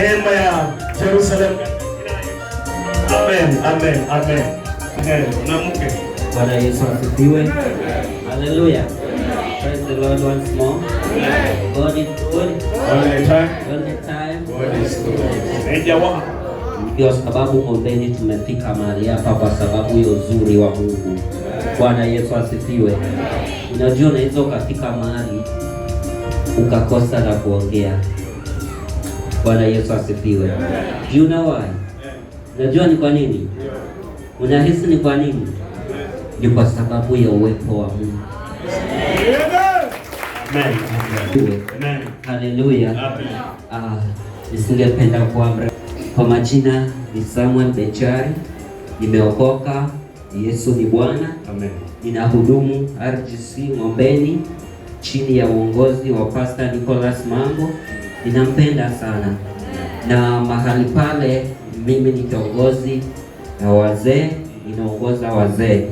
neema ya Jerusalem. Amen, amen, amen. Mwanamke, Bwana Yesu asifiwe. Haleluya. Praise the Lord once more. God is good. All the time. All the time. God is good. wa Kwa sababu kombeni tumefika mahali hapa kwa sababu ya uzuri wa Mungu. Bwana Yesu asifiwe. Unajua, unaweza ukafika mahali ukakosa la kuongea Bwana Yesu asifiwe. You know why? Unajua ni kwa nini? Unahisi ni kwa nini? Ni kwa sababu ya uwepo wa Mungu. Haleluya. Ah, nisingependa kuamra. Kwa majina ni Samuel bechari nimeokoka. Yesu ni Bwana. Amen. Ninahudumu RGC Ng'ombeni chini ya uongozi wa Pastor Nicholas Mango ninampenda sana, na mahali pale mimi ni kiongozi na wazee, ninaongoza wazee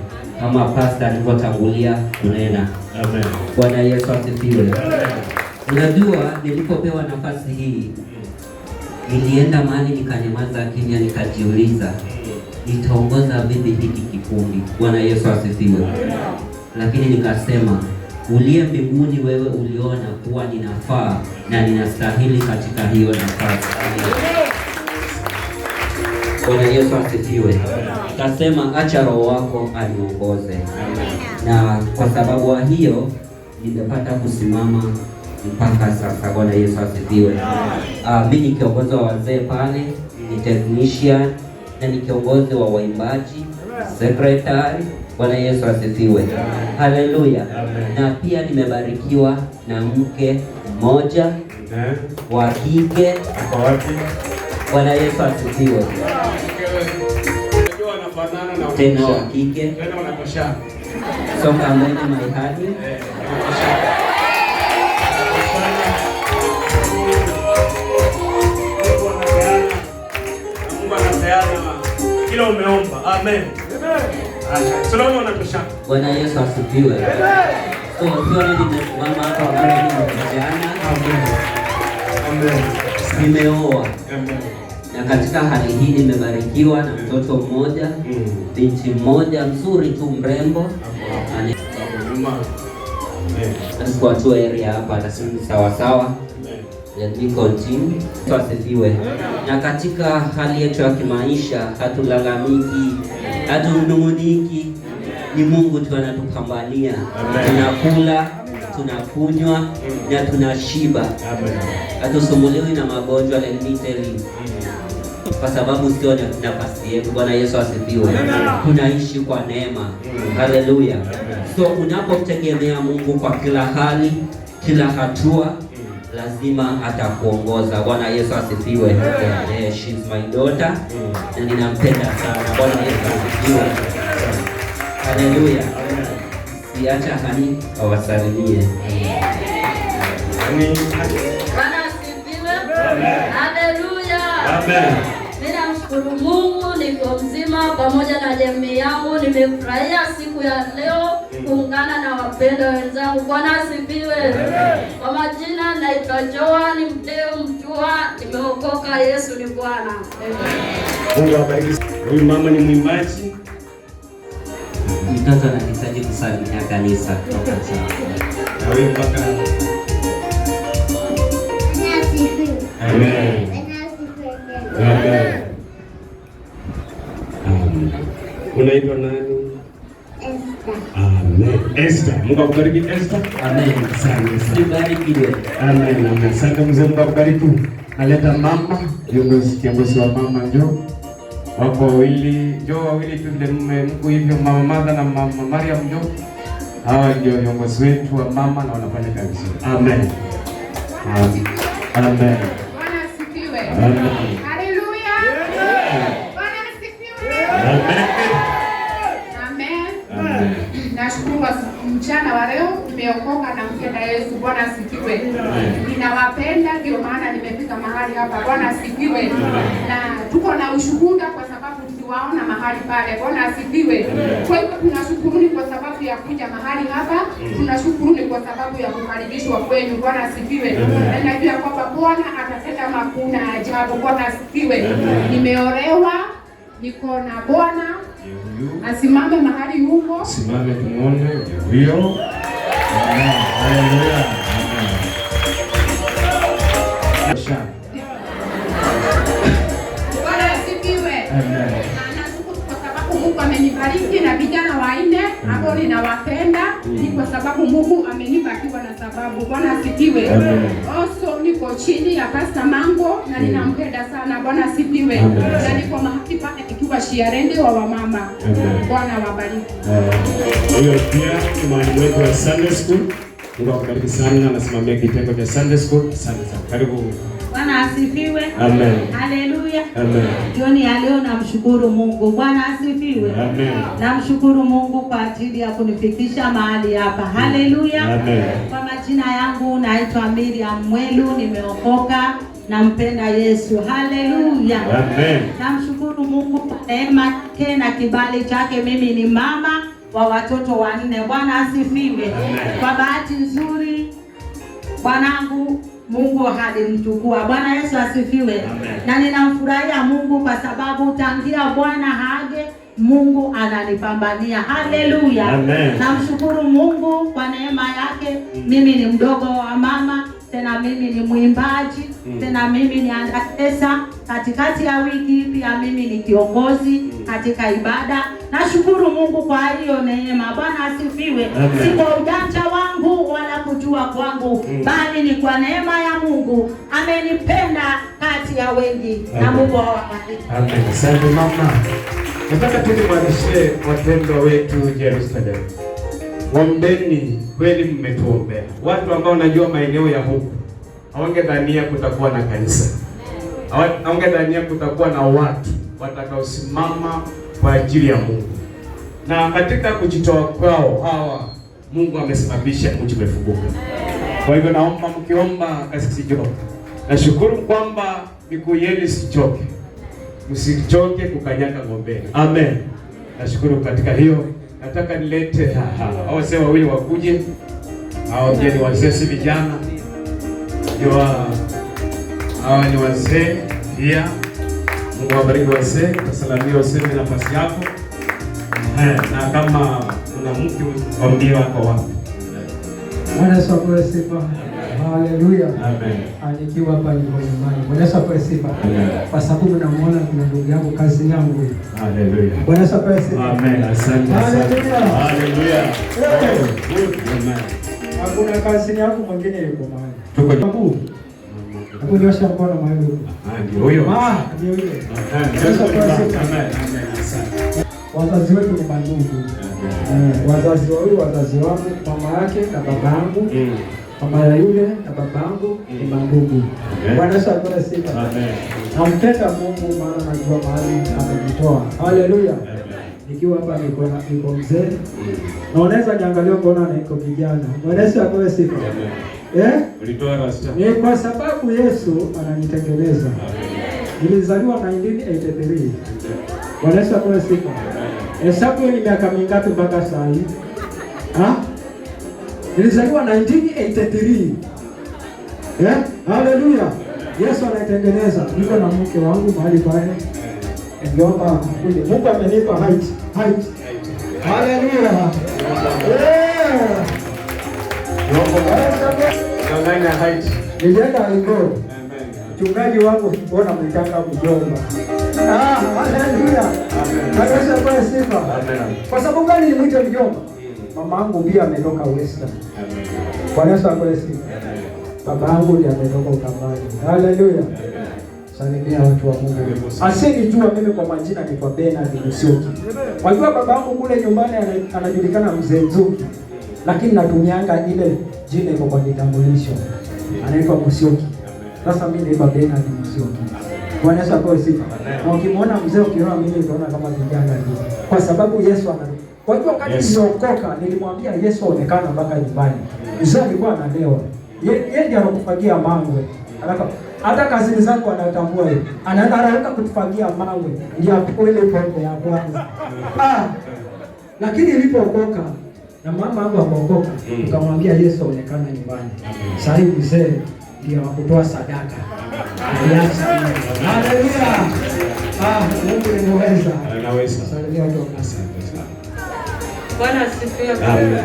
kama pasta alivyotangulia kunena. Amen. Bwana Yesu asifiwe. Unajua, nilipopewa nafasi hii nilienda mahali nikanyamaza kimya, nikajiuliza nitaongoza vipi hiki kikundi? Bwana Yesu asifiwe. Lakini nikasema uliye mbinguni, wewe uliona kuwa ninafaa na ninastahili katika hiyo nafasi. Bwana Yesu asifiwe. Kasema acha roho wako aniongoze, na kwa sababu hiyo nimepata kusimama mpaka sasa. Bwana Yesu asifiwe. Uh, ah, mimi ni kiongozi wa wazee pale, ni technician na ni kiongozi wa waimbaji sekretari. Bwana Yesu asifiwe, haleluya. Na pia nimebarikiwa na mke mmoja wa kike. Bwana Yesu asifiwe, tena wa kike. Songa mbele maihadi eh, kila umeomba. Amen. Bwana Yesu asifiwe. So Nimeoa. Na katika hali hii nimebarikiwa na mtoto mmoja, binti mmoja mzuri tu mrembo. Amen. Kwa tu area hapa na sawasawa Let me continue. Na katika hali yetu ya kimaisha hatulalamiki, hatunung'uniki, ni Mungu tu anatupambania, tunakula tunakunywa na tunashiba, hatusumbuliwi na magonjwa. Let kwa sababu sio nafasi yetu. Bwana Yesu asifiwe. Tunaishi kwa neema, haleluya. So unapotegemea Mungu kwa kila hali, kila hatua lazima atakuongoza. Bwana Yesu asifiwe. Yeah, eh, she is my daughter mm. na ninampenda sana. Bwana Yesu asifiwe. Haleluya. Siacha hani awasalimie. Amen. Bwana asifiwe. Haleluya. Amen. Ninamshukuru Mungu niko mzima mzima pamoja na jamii yangu. Nimefurahia siku ya leo kuungana na wapendwa wenzangu. Bwana asifiwe. Kwa majina naitwa Joan Mdeo Mtua, nimeokoka. Yesu ni Bwana. Mungu awabariki. Huyu mama ni mwimbaji, mtoto anahitaji kusalimia kanisa Amen. Amen. Unaitwa nani? Amen. Esther, Mungu akubariki Esther. Amen. Amen. Asante mzee, Mungu akubariki. Naleta mama viongozi, kiongozi wa mama njo Wako wawili, njo wawili tu ndio mume hivyo mama Martha na mama Mariam njo Hawa ndio viongozi wetu wa mama na wanafanya kazi. Amen. Amen. Amen. Amen. mchana wa leo nimeokoka na mpenda Yesu. Bwana asifiwe. Ninawapenda, ndio maana nimefika mahali hapa. Bwana asifiwe. Na tuko na ushuhuda kwa sababu tuliwaona mahali pale. Bwana asifiwe. Kwa hivyo tunashukuruni kwa sababu ya kuja mahali hapa, mm. tunashukuruni kwa sababu ya kukaribishwa kwenu. Bwana asifiwe. Na najua kwamba Bwana atatenda makuu na ajabu. Bwana asifiwe. Nimeolewa, niko na Bwana juu, asimame mahali huko, simame tumuone, huyo. Haleluya. amenibariki na vijana wanne mm. ambao ninawapenda mm. ni kwa sababu Mungu amenipa akiwa na sababu. Bwana asifiwe. Also niko chini ya Pastor Mango na mm. ninampenda sana. Bwana asifiwe. Na niko mahali pale nikiwa shiarende wa wamama. Bwana wabariki. Huyo eh, pia ni mwalimu wetu wa Sunday School. Mungu akubariki sana, anasimamia kitengo cha Sunday School. Asante sana. Karibu asifiwe. Amen. Haleluya. Amen. Jioni ya leo namshukuru Mungu. Bwana asifiwe. Amen. Namshukuru Mungu kwa ajili ya kunifikisha mahali hapa. Haleluya. Amen. Kwa majina yangu naitwa Miriam Mwelu, nimeokoka nampenda Yesu. Haleluya. Amen. Namshukuru Mungu kwa neema yake na kibali chake. Mimi ni mama wa watoto wanne. Bwana asifiwe. Kwa bahati nzuri bwanangu Mungu hadi Bwana Yesu asifiwe. Na ninamfurahia Mungu kwa sababu tangia Bwana hage Mungu ananipambania. Haleluya. Namshukuru Mungu kwa neema yake. Mm. Mimi ni mdogo wa mama, tena mimi ni mwimbaji, mm. tena mimi ni andakesa. Katikati ya wiki pia mimi ni kiongozi mm katika ibada. Nashukuru Mungu kwa hiyo neema. Bwana asifiwe. Si kwa ujanja wangu wala kujua kwangu mm, bali ni kwa neema ya Mungu amenipenda kati ya wengi. Na Mungu awabariki. nataka Asante mama. Nataka tulimwanishie wetu Jerusalemu, wombeni kweli, mmetuombea watu ambao najua maeneo ya huku hawangedhania kutakuwa na kanisa, hawangedhania kutakuwa na watu watakaosimama kwa ajili ya Mungu, na katika kujitoa kwao hawa Mungu amesababisha mji umefunguka. Kwa hivyo naomba mkiomba kasikichoke. Nashukuru kwamba miguu yenu sichoke msichoke kukanyaga ng'ombeni. Amen. Nashukuru katika hiyo. Nataka nilete hao wazee wawili wakuje, hao ni wazee, si vijana. Hawa ni wazee pia. Mungu awabariki wazee, utasalamia wazee na nafasi yako. Na kama kuna mke mwambie wako wapi. Bwana Yesu apewe sifa. Haleluya. Amen. Anikiwa hapa ni kwa nyumbani. Bwana Yesu apewe sifa. Kwa sababu namuona kuna ndugu yangu kazi yangu. Haleluya. Bwana Yesu apewe sifa. Amen. Asante Haleluya. Haleluya. Amen. Hakuna kazi yangu mwingine yuko mahali. Tuko hapo. Kunyosha mkono mwalimu. Ndio Wazazi wetu ni mandugu. Eh, wazazi wa wazazi wangu, mama yake na baba yangu. Mama ya yule na baba yangu ni mandugu. Bwana Yesu akona sifa. Amen. Nampenda Mungu maana najua mahali amejitoa. Haleluya. Nikiwa hapa niko niko mzee. Na unaweza niangalia kuona niko kijana. Bwana Yesu akona sifa. Amen. Ni eh? eh, kwa sababu Yesu ananitengeneza. Nilizaliwa 1983. Bwana Yesu akoe sifa. Hesabu hiyo ni miaka mingapi mpaka saa hii? Ha? Nilizaliwa 1983. Eh? Haleluya. Yesu anaitengeneza. Niko na mke wangu mahali pale. Ndio Mungu amenipa height. Height. Haleluya. Eh! Nilienda Iloro, mchungaji wangu mbona mlitaka mjomba? Ah, haleluya, kanisa kwa sifa. Kwa sababu gani nilimwita mjomba? Mama yangu pia ametoka Western. Bwana Yesu asifiwe. Baba yangu ndiye ametoka Ukambani. Haleluya. Salimia watu wa Mungu. Asiyenijua mimi kwa majina ni kwa Bernard Nzuki. Wajua baba yangu kule nyumbani anajulikana mzee Nzuki lakini natumianga ile jina iko kwa kitambulisho, anaitwa Musyoki. Sasa mimi naitwa Bernard Musyoki. Bwana Yesu akoe sifa. Na ukimwona mzee, ukiona mimi utaona kama kijana tu, kwa sababu Yesu ana kwa hiyo wakati yes. Niliokoka nilimwambia Yesu aonekana mpaka nyumbani. Mzee alikuwa analewa, yeye ndiye anakufagia mangwe alafu hata kazi zangu anatambua hiyo. Anaenda haraka kutufagia mawe ndio ile pombe ya kwanza. Ah. Lakini ilipookoka na mama yangu akaokoka, ukamwambia hmm. Yesu aonekana nyumbani. Hmm. Sasa hivi mzee ndio wakutoa sadaka. Haleluya! Ah, Mungu ni mweza, anaweza. Salimia watu wa Kasi. Bwana asifiwe. Amen.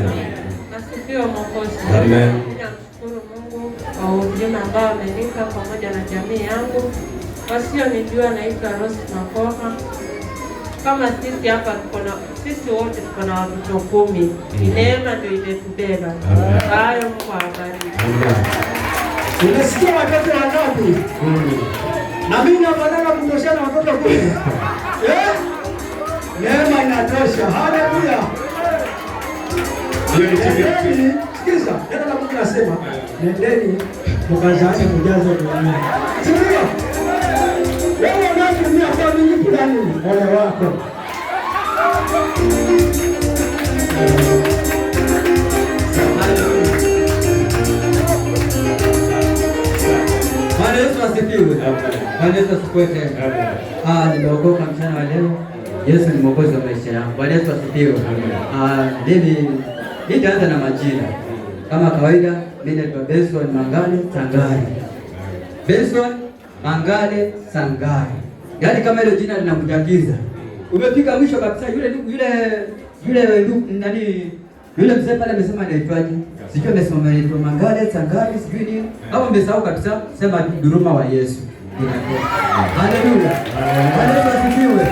Asifiwe Mwokozi. Amen. Namshukuru Mungu kwa ujumbe ambao amenipa pamoja na jamii yangu. Wasionijua, naitwa Rose Mako kama sisi hapa tuko na sisi wote tuko na watoto kumi, ni mm-hmm. neema ndio imetubeba. Hayo Mungu awabariki. Unasikia watoto wangapi? Na mimi nafanana kutoshana watoto kumi. Eh? Neema inatosha. Haleluya. Sikiza, neno la Mungu nasema, nendeni mkazane kujaza dunia. Sikiza. Wewe ndani ole wako Bwana Yesu asifiwe. Bwana Yesu asikwete. Ah, nimeokoka mchana wa leo. Yesu ni mwokozi wa maisha yangu. Bwana Yesu asifiwe. Ah, mimi nitaanza na majina kama kawaida. Mimi naitwa Benson Mangale Sangare. Benson Mangale Sangare. Yaani kama ile jina linakujagiza. Umefika mwisho kabisa yule yule yule nani yule mzee pale amesema anaitwaje? Sijui amesema anaitwa Mangale, Tangari, sijui Hapo amesahau kabisa sema dhuluma wa Yesu. Haleluya. Haleluya sifiwe.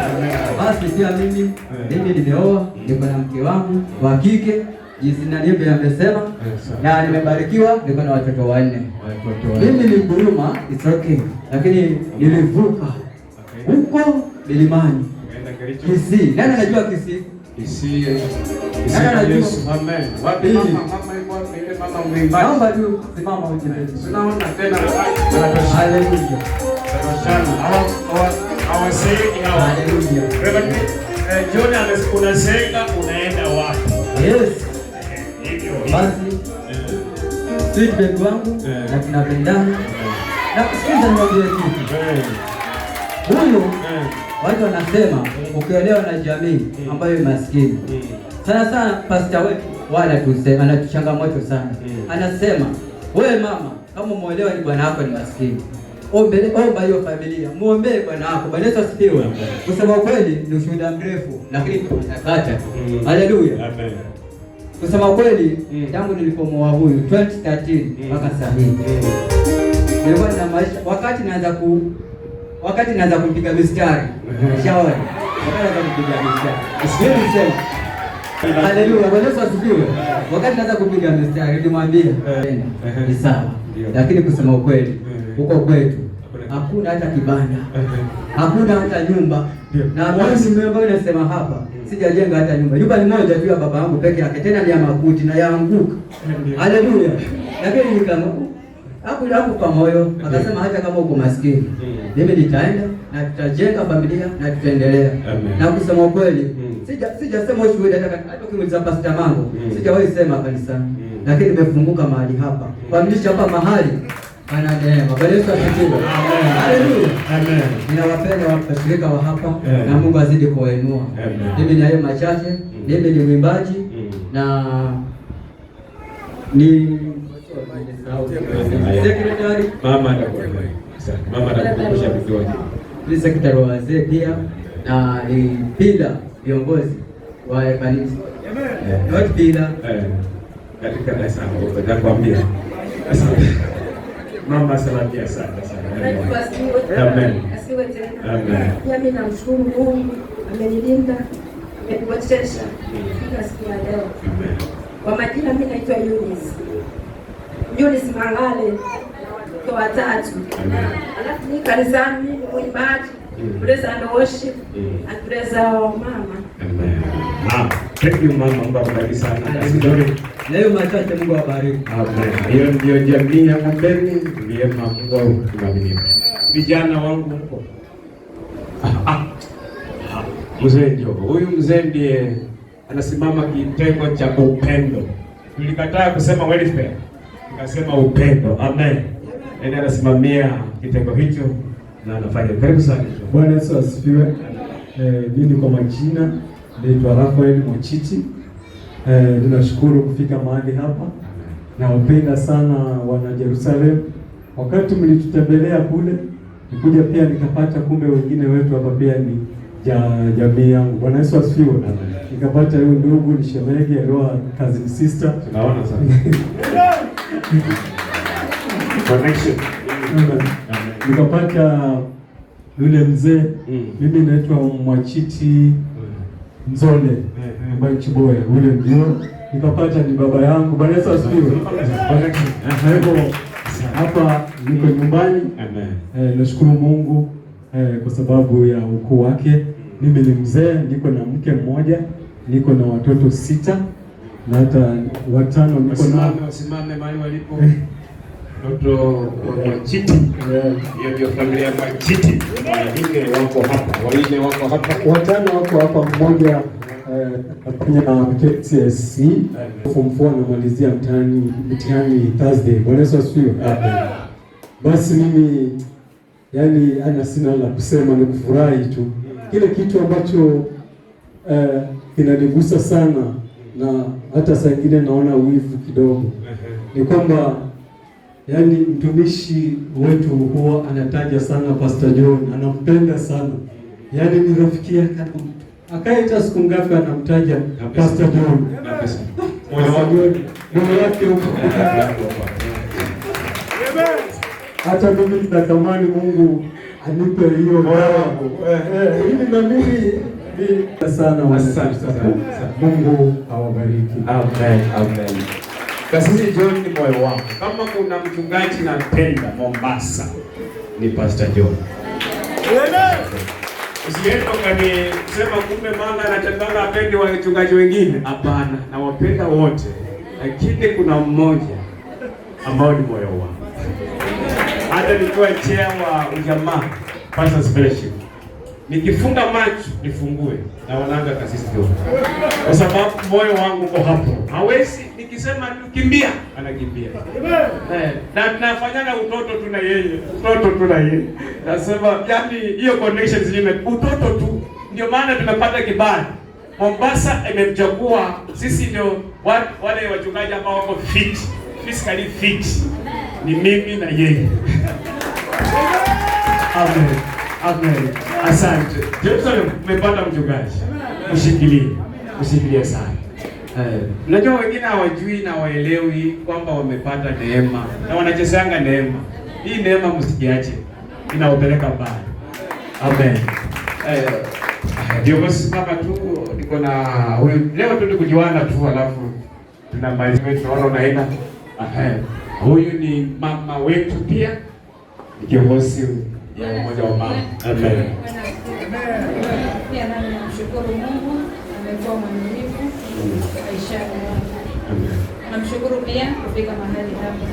Basi pia mimi mimi nimeoa, niko na mke wangu wa kike jinsi nanibe amesema na nimebarikiwa, niko na watoto wanne. Mimi ni mkulima, it's okay. Lakini nilivuka huko milimani Kisii. Nani anajua Kisii? Nani anajua? Amen. Wapi mama mama ile mama Naomba tu simama uje mbele. Tunaona tena Basi. Eh. Feedback wangu eh. na tunapendana. Eh. Na kusikiza niwaambie kitu huyu eh. mm. watu wanasema mm. Eh. ukiolewa na jamii mm. ambayo maskini mm. sana sana, pasta wetu wala ana changamoto sana mm. anasema wewe mama, kama umeolewa ni bwana wako ni maskini, omba hiyo familia, muombe bwana wako. Bwana Yesu asifiwe. Kusema kweli ni ushuhuda mrefu, lakini tunakata. Haleluya, amen. Kusema kweli tangu nilipomoa huyu 2013 mpaka sasa hivi nilikuwa na maisha, wakati naanza ku wakati naanza kumpiga mistari shauri, wakati naanza kumpiga mistari sijui sema. Haleluya, Bwana Yesu asifiwe. Wakati naanza kupiga mistari nilimwambia eh, eh. ni sawa, lakini kusema ukweli, eh. huko kwetu hakuna hata kibanda, hakuna hata nyumba, na ambayo nasema hapa hmm. sijajenga hata nyumba. Nyumba ni moja tu ya baba yangu peke yake, tena ni ya makuti na yaanguka. Haleluya, lakini nikama hapo hapo kwa moyo akasema, hata kama uko maskini hmm mimi nitaenda na tutajenga familia na tutaendelea. Na kusema kweli mm. sija sijasema ushuhuda hata hata ukiuliza Pastor Mango mm. sijawahi sema kanisa mm. lakini nimefunguka mahali hapa mm. kuamnisha hapa mahali ana neema. Bwana Yesu asifiwe. Amen. Haleluya. Amen. Ninawapenda washirika wa hapa na Mungu azidi kuwainua. Mimi ni hayo machache. Mm. Mimi ni mwimbaji mm. na ni mama atakuwa Mama anakukumbusha vizuri. Kanisa kitaroa wazee pia na ipila viongozi wa eh, kanisa yote pila katika darasa nitakwambia. Mama salamia sana sana. Amen. Asiwe tena. Amen. Pia mimi namshukuru Mungu amenilinda, ameniwezesha kila siku ya leo. Amen. Kwa majina mimi naitwa Eunice. Eunice Mangale kwa watatu. Alafu ni kanisani kwa ibada, mm. worship, mm. akuleza wa mama, Hiyo ndio jamii ya Mungu Vijana wangu Mzee Njogo, huyu mzee ndiye anasimama kitengo cha upendo. Tulikataa kusema welfare. Nikasema upendo. Amen ndiye yaani anasimamia kitengo hicho na anafanya. Karibu sana. Bwana Yesu asifiwe. Eh, mimi kwa majina naitwa Rafael Eh, Tunashukuru kufika mahali hapa. Nawapenda sana wana Jerusalem. Wakati mlitutembelea kule, nikuja pia nikapata kumbe wengine wetu hapa pia ni ja, jamii yangu. Bwana Yesu asifiwe. Nikapata huyu ndugu ni shemege roa cousin sister. Tunaona sana. nikapata yule mzee mm. Mimi naitwa Mwachiti Mzole ambaye hmm. Chiboya, ule ndio nikapata ni baba yangu. Bwana Yesu asifiwe. hapa niko hmm. nyumbani eh, nashukuru Mungu eh, kwa sababu ya ukuu wake. Mimi ni mzee, niko na mke mmoja, niko na watoto sita na hata watano niko na mtoto wa Mwachiti, hiyo ndio familia ya Mwachiti. Wanne wako hapa, wanne wako hapa, watano wako hapa, mmoja afanya eh, KCSE mtihani mtihani Thursday. Bwana Yesu asifiwe. Basi mimi yani ana sina la kusema, ni kufurahi tu kile kitu ambacho eh, kinanigusa sana na hata saa ingine naona wivu kidogo, ni kwamba Yaani mtumishi wetu huwa anataja sana Pastor John, anampenda sana yaani ni rafiki yake, akaita siku ngapi anamtaja Pastor John. Moyo wake hata mimi ninatamani Mungu anipe hiyo ili na mimi sana. Mungu awabariki. Amen. Amen. Kasisi John ni moyo wangu. Kama kuna mchungaji nampenda Mombasa ni Pastor John. Usiende ukanisema kumbe mama anachangana apendi wachungaji wengine. Hapana, nawapenda wote, lakini kuna mmoja ambao ni moyo wangu. Hata nikiwa chair wa ujamaa Pastor Fellowship, nikifunga macho nifungue, naonanga Kasisi John, kwa sababu moyo wangu uko hapo, hawezi akisema kimbia, anakimbia. Eh, na tunafanyana utoto tuna yeye, utoto tuna yeye. Nasema yani hiyo connection zingine utoto tu, ndio maana tumepata kibali. Mombasa imemchagua sisi, ndio wale wachungaji ambao wako fit physically fit, ni mimi na yeye. Amen, amen, asante. Jerusalem, mmepata mchungaji, mshikilie, mshikilie sana. Eh. Unajua wengine hawajui na waelewi kwamba wamepata neema na wanachezanga neema hii. Neema msijiache, inaopeleka mbali. Amen. Viongozi eh, basi kama tu niko na leo tu nikujuana tu, alafu tunamaliza tunaona unaenda. Huyu ni mama wetu pia kiongozi ya umoja wa mama. Amen. Amen chake. Namshukuru pia kufika mahali hapa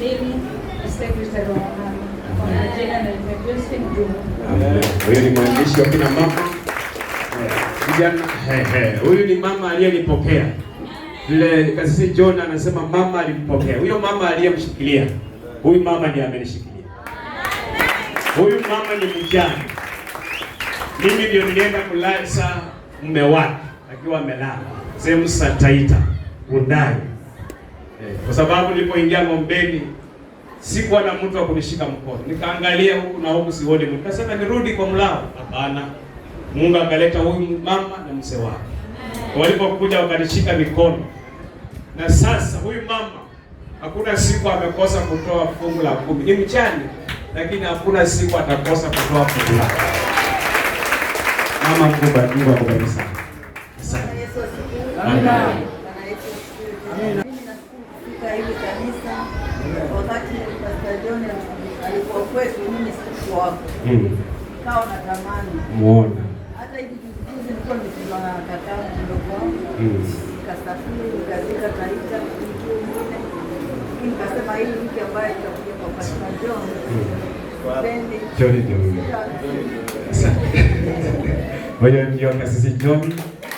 mimi wa mama kwa Josephine Juma. Huyu ni mwandishi wa kina mama Huyu ni mama aliyenipokea vile kasisi John anasema mama alimpokea. Huyo mama aliyemshikilia, huyu mama ndiye amenishikilia. Huyu mama ni mjane, mimi ndio nilienda kulala mume wake akiwa amelala Zemsa Taita Gundari eh, kwa sababu nilipoingia Ng'ombeni sikuwa na mtu wa kunishika mkono, nikaangalia huku na huku sioni mtu, nikasema nirudi kwa mlao. Hapana, Mungu akaleta huyu mama na mzee wake, walipokuja wakanishika mikono, na sasa huyu mama hakuna siku amekosa kutoa fungu la kumi. Ni mchani, lakini hakuna siku atakosa kutoa fungu la mama. Mungu akubariki sana. Mimi nashukuru kwa Pastor ndio kasisi John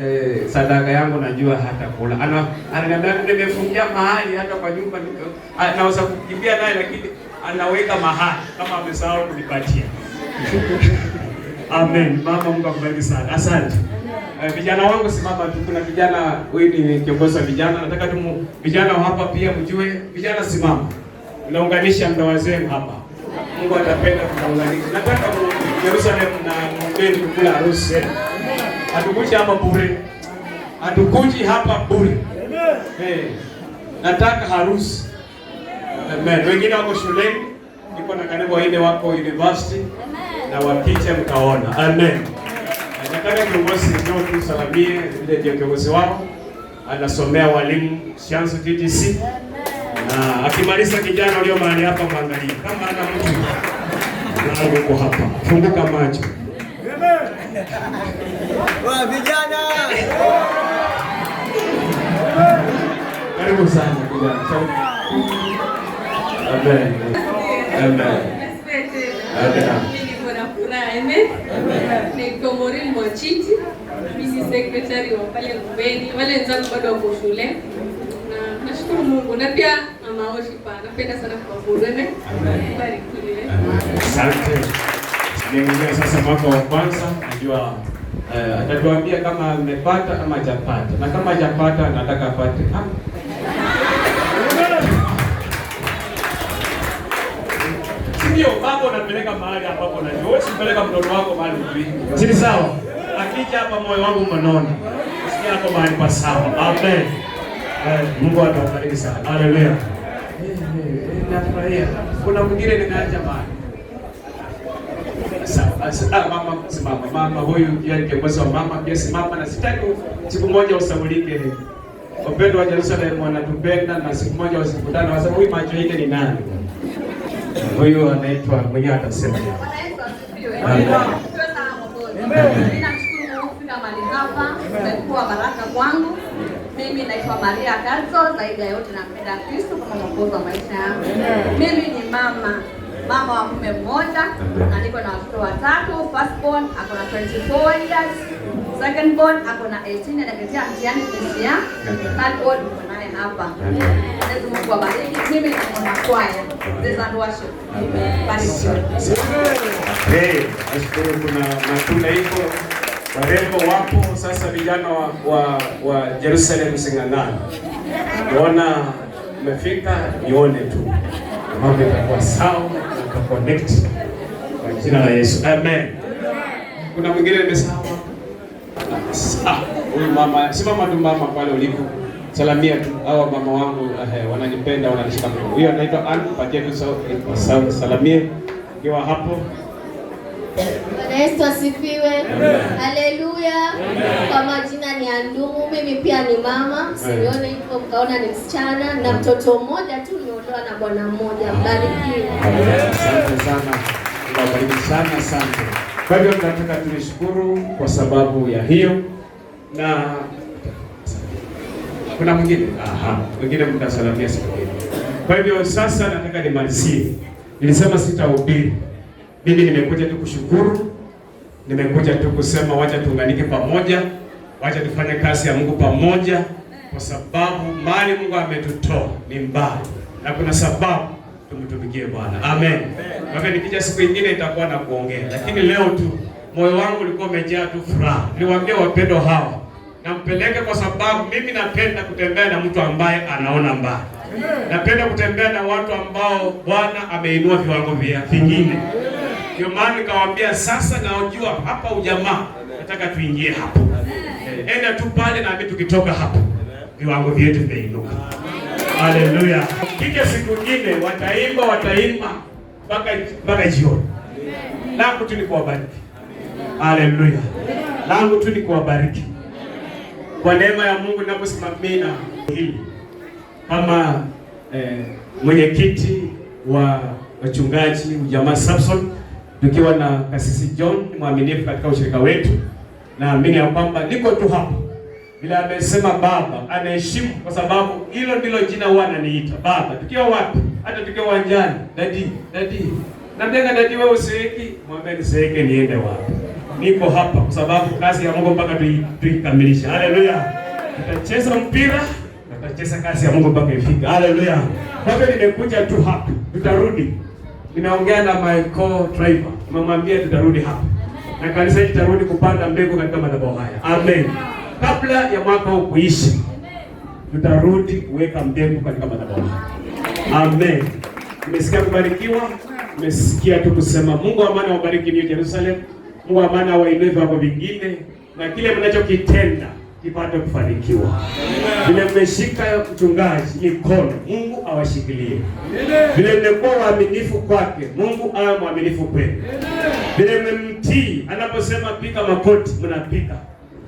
eh, sadaka yangu najua hata kula. Ana ananiambia nimefungia mahali hata kwa nyumba anaweza ah, kukimbia naye, lakini anaweka mahali kama amesahau kunipatia. Amen. Mama, Mungu akubariki sana. Asante. Uh, vijana wangu simama tu, kuna vijana wewe ni kiongozi wa vijana, nataka tu vijana hapa pia mjue, vijana simama, naunganisha ndoa zenu hapa. Mungu atapenda kuunganisha, nataka Yerusalemu na mgeni kula harusi hatukuji hapa bure, hatukuji hapa bure. Hey, nataka harusi. Amen. Wengine wako shuleni, niko na karibu wengine wako university na wapite mkaona. Amen. Nataka kiongozi ndio salamie vile ndio kiongozi wao anasomea walimu Shanzu TTC. Na akimaliza kijana ulio mahali hapa mwangalie. Kama ana mtu na yuko hapa. Funguka macho. Amen. Karibu sana Komoril Mwachiti, mimi secretary wa pale Ngubeni. Wale wenzangu bado wako shule na nashukuru Mungu na pia mama Oshi pa, napenda sana kuwapongeza. Asante. Sasa mwaka wa kwanza najua Uh, eh, atatuambia kama amepata ama hajapata, na kama hajapata anataka apate Sio baba unapeleka mahali ambapo unajua. Wewe usipeleka mtoto wako mahali hivi. Si sawa? Akija hapa moyo wangu mnono. Sikia hapo mahali pa sawa. Amen. Eh, Mungu atakubariki sana. Haleluya. Eh, eh, eh, Nafurahia. Kuna mwingine nimeacha mahali ah, mama simama, mama huyu yeye kiongozi wa mama pia simama, na sitaki siku moja usaulike. Wapendwa wa Yerusalemu wanatupenda na siku moja wasikutane sababu huyu macho yake ni nani? Huyu anaitwa mwenye atasema. Umekuwa baraka kwangu. Mimi naitwa Maria Kalso, zaidi ya yote nampenda Kristo kama mwokozi wa maisha yangu. Mimi ni mama mama wa mume mmoja na niko na watoto watatu. First born ako na 24 years, second born ako na 18 anapitia mtihani kusia, third born uko naye hapa. Mwenyezi Mungu awabariki. Mimi niko na kwaya praise and worship. Nashukuru kuna matunda hivyo, warembo wapo sasa, vijana wa, wa, wa Jerusalem sing'ang'ana, naona umefika nione tu mambo itakuwa sawa connect kwa jina la Yesu amen, Kuna mwingine nimesahau ah, huyu mama, si mama tu mama pale ulipo, salamia tu hawa mama wangu eh, wananipenda wananishika mkono. Huyo anaitwa Ann, patia tu eh, Salamia ukiwa hapo. Bwana Yesu asifiwe. Haleluya. Kwa majina ni Andumu, mimi pia ni mama, sinione hivyo mkaona ni msichana na mtoto mmoja tu, nimeolewa na bwana mmoja. mbali Asante sana. Mbarikiwe sana, asante. Kwa hivyo tunataka tulishukuru kwa sababu ya hiyo na kuna mwingine aha, mwingine mtasalamia siku Kwa hivyo sasa nataka nimalizie, nilisema sitahubiri mimi nimekuja tu kushukuru, nimekuja tu kusema wacha tuunganike pamoja, wacha tufanye kazi ya Mungu pamoja, kwa sababu mali Mungu ametutoa ni mbali, na kuna sababu tumtumikie Bwana. Amen. Amen. Nikija siku nyingine itakuwa na kuongea, lakini leo tu moyo wangu ulikuwa umejaa tu furaha. Niwaambie wapendo hawa nampeleke kwa sababu mimi napenda kutembea na mtu ambaye anaona mbali. Napenda kutembea na watu ambao Bwana ameinua viwango vya vingine. Ndio maana nikamwambia sasa, naojua hapa ujamaa, nataka tuingie hapo. Enda tu pale na tukitoka hapo viwango vyetu vimeinuka. Haleluya! Kike siku nyingine wataimba, wataimba mpaka mpaka jioni. Langu tu ni kuwabariki. Haleluya! Langu tu ni kuwabariki kwa neema ya Mungu ninaposimamia hili kama eh, mwenyekiti wa wachungaji ujamaa Samson tukiwa na Kasisi John mwaminifu katika ushirika wetu, naamini ya kwamba niko tu hapa bila amesema Baba anaheshimu, kwa sababu hilo ndilo jina huwa ananiita Baba tukiwa wapi, hata tukiwa uwanjani, dadi dadi, namdenga dadi, wewe usiweki, mwambie niseke niende wapi, niko hapa kwa sababu kazi ya Mungu mpaka tuikamilisha. Haleluya, tutacheza mpira tutacheza kazi ya Mungu mpaka ifike. Haleluya, kwa nimekuja tu hapa, tutarudi ninaongea na my co-driver, nimemwambia tutarudi hapa na kanisa hili kupanda mbegu katika madhabahu haya. Amen. Kabla ya mwaka huu kuisha, tutarudi kuweka mbegu katika madhabahu haya. Amen. Nimesikia kubarikiwa, nimesikia tu kusema Mungu wa maana awabariki New Jerusalem. Mungu wa awainue viwango vingine na kile mnachokitenda ipate kufanikiwa. Vile mmeshika mchungaji mikono, Mungu awashikilie. Vile mmekuwa waaminifu kwake, Mungu awe mwaminifu kwenu. Vile mmemtii anaposema pika makoti, mnapika.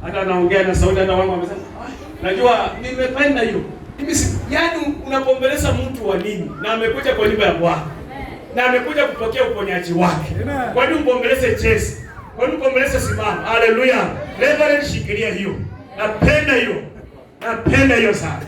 Hata anaongea na sauti, hata wangu wamesema, ah, najua nimependa hiyo. mimi. Yani, unapombeleza mtu wa nini, na amekuja kwa nyumba ya Bwana na amekuja kupokea uponyaji wake. Kwa nini umbombeleze chesi? Kwa nini umbombeleze simamu? Haleluya. Reverend, shikilia hiyo. Napenda hiyo, napenda hiyo sana.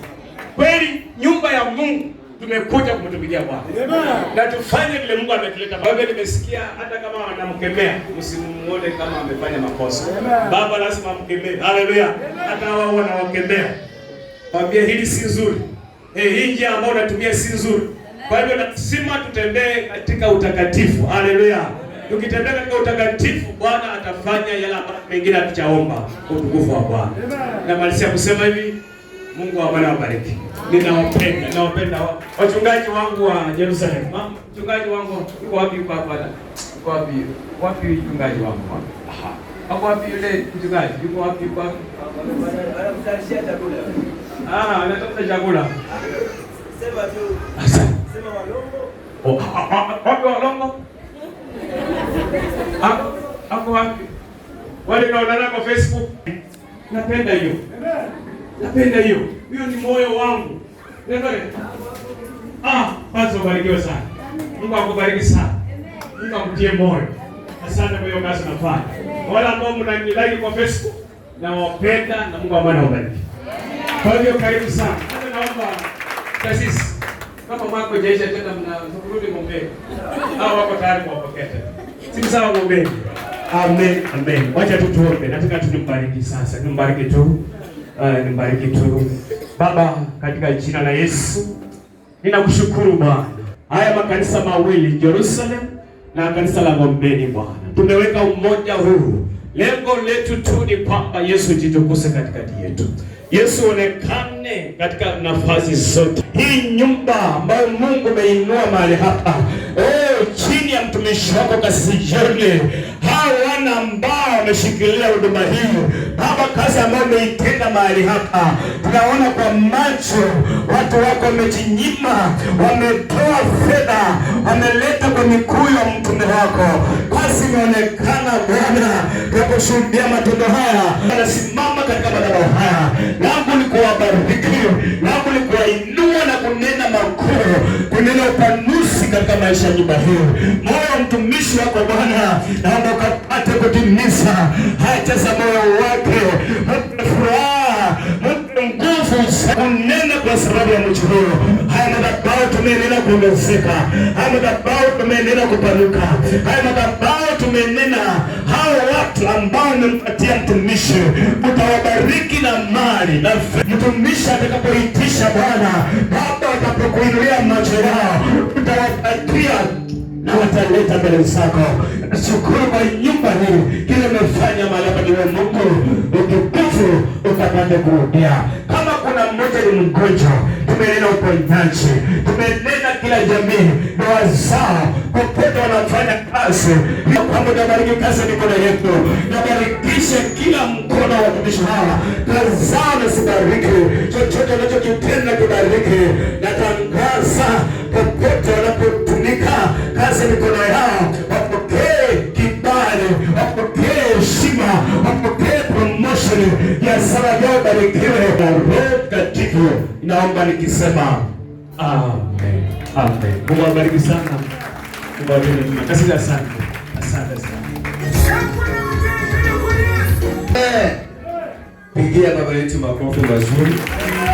Kweli nyumba ya Mungu tumekuja kumtumikia Bwana na tufanye vile Mungu ametuleta. Baba, nimesikia hata kama wanamkemea, msimuone kama amefanya makosa. Baba lazima amkemee. Haleluya! hata wao wanaokemea mwambie hili si nzuri, eh, hii njia ambayo unatumia si nzuri. Kwa hivyo lazima tutembee katika utakatifu. Haleluya! tukitembea katika utakatifu, Bwana atafanya yale ambayo mengine hatujaomba. Utukufu wa Bwana. Namalizia kusema hivi, Mungu wa Bwana awabariki. Ninawapenda, ninawapenda wachungaji wangu wa Jerusalem. Mchungaji wangu yuko wapi? Kwa Bwana Yuko wapi? Wapi mchungaji wangu? Aha. wako wapi yule mchungaji? Yuko wapi? Kwa wapi? chakula. Ah, anatafuta chakula. Sema tu. Sema walongo. Oh, ah, ah, ah, Wapi walongo? ako wapi wale unaonana kwa Facebook? Napenda hiyo, napenda hiyo, hiyo ni moyo wangu. Ah, kwanza ubarikiwe sana, Mungu akubariki sana, Mungu akutie moyo. Asante kwa hiyo kazi unafanya. Wale ambao mnanilike kwa Facebook nawapenda, na Mungu ambaye anawabariki. Kwa hivyo karibu sana, naomba taasisi kama mwaka ijaisha tena mnarudi mwombeni, au wako tayari kuwapokea tena, si sawa? Mwombeni. Amen, amen. Wacha tu tuombe, nataka tu nimbariki sasa, nimbariki tu uh, nimbariki tu Baba, katika jina la Yesu ninakushukuru Bwana. Haya makanisa mawili Jerusalem na kanisa la Gombeni Bwana, tumeweka umoja huu, lengo letu tu ni kwamba Yesu jitukuse katikati yetu. Yesu onekane katika nafasi zote. Hii nyumba ambayo Mungu ameinua mahali hapa, oh, chini ya mtumishi wako kasi Jerle hao wana ambao wameshikilia huduma hii Baba, kazi ambayo umeitenda mahali hapa, tunaona kwa macho, watu wako wamejinyima, wametoa fedha, wameleta kwa mikuu ya mtume wako. Kazi imeonekana Bwana ya kushuhudia matendo haya, anasimama katika madhabahu haya, langu ni kuwabariki, langu ni kuwainua kunena makuu, kunena upanuzi katika maisha ya nyumba hiyo. Moyo mtumishi wako Bwana, naomba ukapate kutimiza haja za moyo wake, mpe furaha, mpe nguvu kunena kwa sababu ya mji huo. Haya madhabahu tumenena kuongezeka, haya madhabahu tumenena kupanuka, haya madhabahu tumenena hao watu ambao nimpatia mtumishi utawabariki na mali na mtumishi atakapoitisha Bwana watakapokuinulia macho yao utawapatia na wataleta mbele zako. Shukuru kwa nyumba hii, kile umefanya mahali hapa, niwe Mungu utukufu ukapate kurudia. Kama kuna mmoja ni mgonjwa, tumenena uponyaji, tumenena kila jamii wazao popote wanafanya kazi. Mungu abariki kazi mikono yetu, nabarikishe kila mkono wa watumishi hawa, tazame sibariki chochote anachokitenda, kibariki. Natangaza popote wanapotumika kazi mikono yao, wapokee kibali, wapokee heshima, wapokee promotion ya sala yao, barikiwe Roho Mtakatifu. Naomba nikisema amen. Amen. Mungu awabariki sana. Mungu awapende sana. asante. Asante sana. Eh. Pigia baba yetu makofi mazuri.